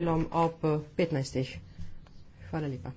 delom ob 15. Hvala lepa.